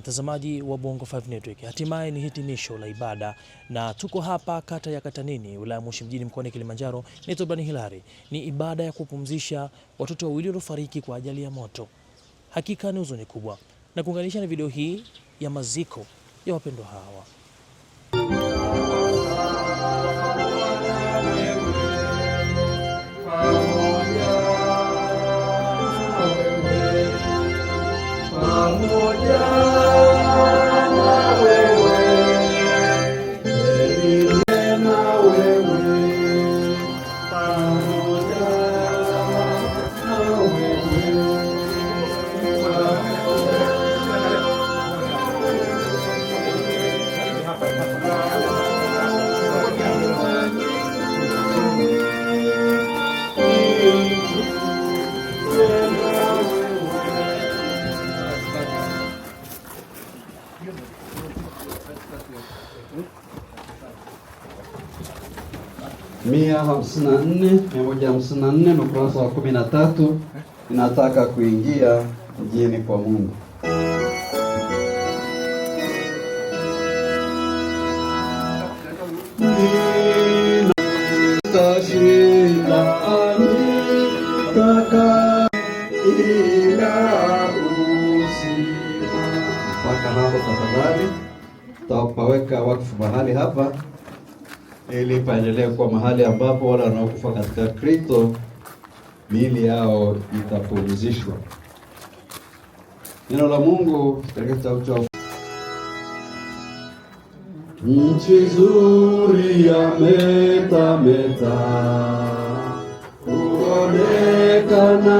Mtazamaji wa Bongo 5 Network, hatimaye ni hitimisho la ibada na tuko hapa kata ya Katanini, wilaya Moshi mjini, mkoani Kilimanjaro. Ni Bani Hilari. Ni ibada ya kupumzisha watoto wawili waliofariki kwa ajali ya moto. Hakika ni huzuni kubwa, na kuunganisha na video hii ya maziko ya wapendwa hawa. mia hamsini na mia ukurasa wa kumi na tatu inataka kuingia mjini kwa Mungu. Mpaka tafadhali, tutapaweka wakfu mahali hapa ili paendelee kuwa mahali ambapo wale wanaokufa katika Kristo miili yao itapumzishwa. Neno la Mungu katika kitabu cha nchi nzuri ya metameta huonekana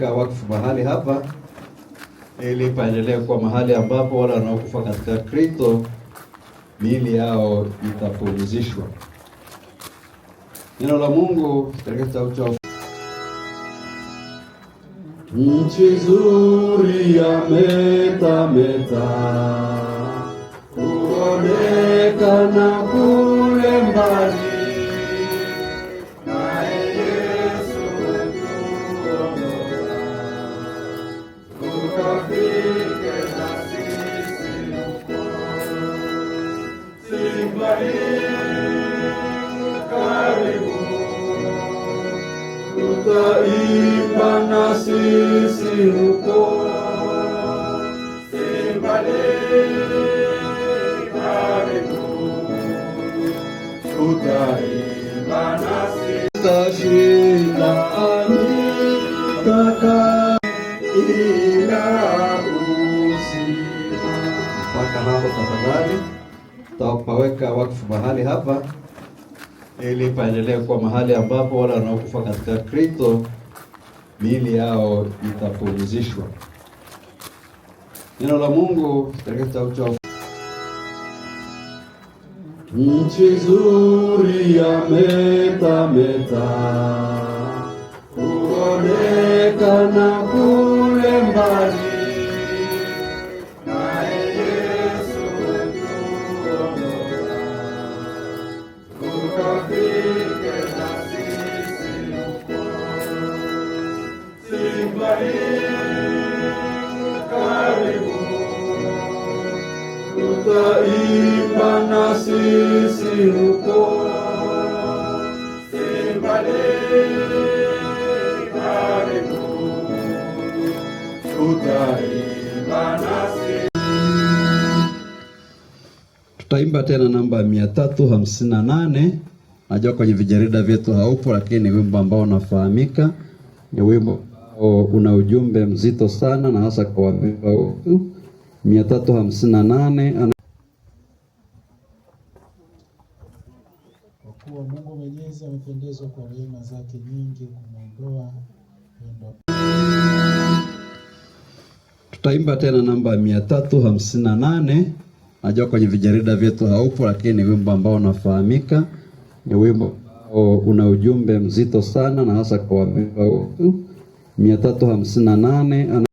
kuweka wakfu mahali hapa ili paendelee kuwa mahali ambapo wale wanaokufa katika Kristo miili yao itapumzishwa. Neno la Mungu katika kitabu cha Nchi nzuri ya metameta kuonekana kule mbali sisi huko Simbale karibu, wakfu mahali hapa ili paendelee kuwa mahali ambapo wale wanaokufa katika Kristo miili yao itapumzishwa. Neno la Mungu katika kitabu cha nchi nzuri ya metameta kuonekana kule mbali na Tutaimba na sisi huko simbali, karibu tutaimba na sisi. Tutaimba tena namba mia tatu hamsini na nane. Najua kwenye vijarida vyetu haupo, lakini ni wimbo ambao unafahamika, ni wimbo ambao una ujumbe mzito sana na hasa kwa wapendwa wetu. 358 tatu kwa kuwa Mungu Mwenyezi amependezwa kwa rehema zake nyingi kumwondoa Tutaimba tena namba mia tatu nane. Najua kwenye vijarida vyetu haupo, lakini ni wimbo ambao unafahamika, ni wimbo ambao una ujumbe mzito sana na hasa kwa wapendwa wetu. 358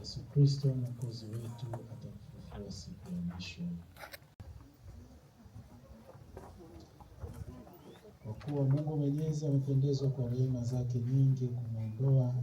Yesu Kristo mwokozi wetu atafufuka siku ya mwisho. Kwa kuwa Mungu Mwenyezi amependezwa kwa rehema zake nyingi kumwondoa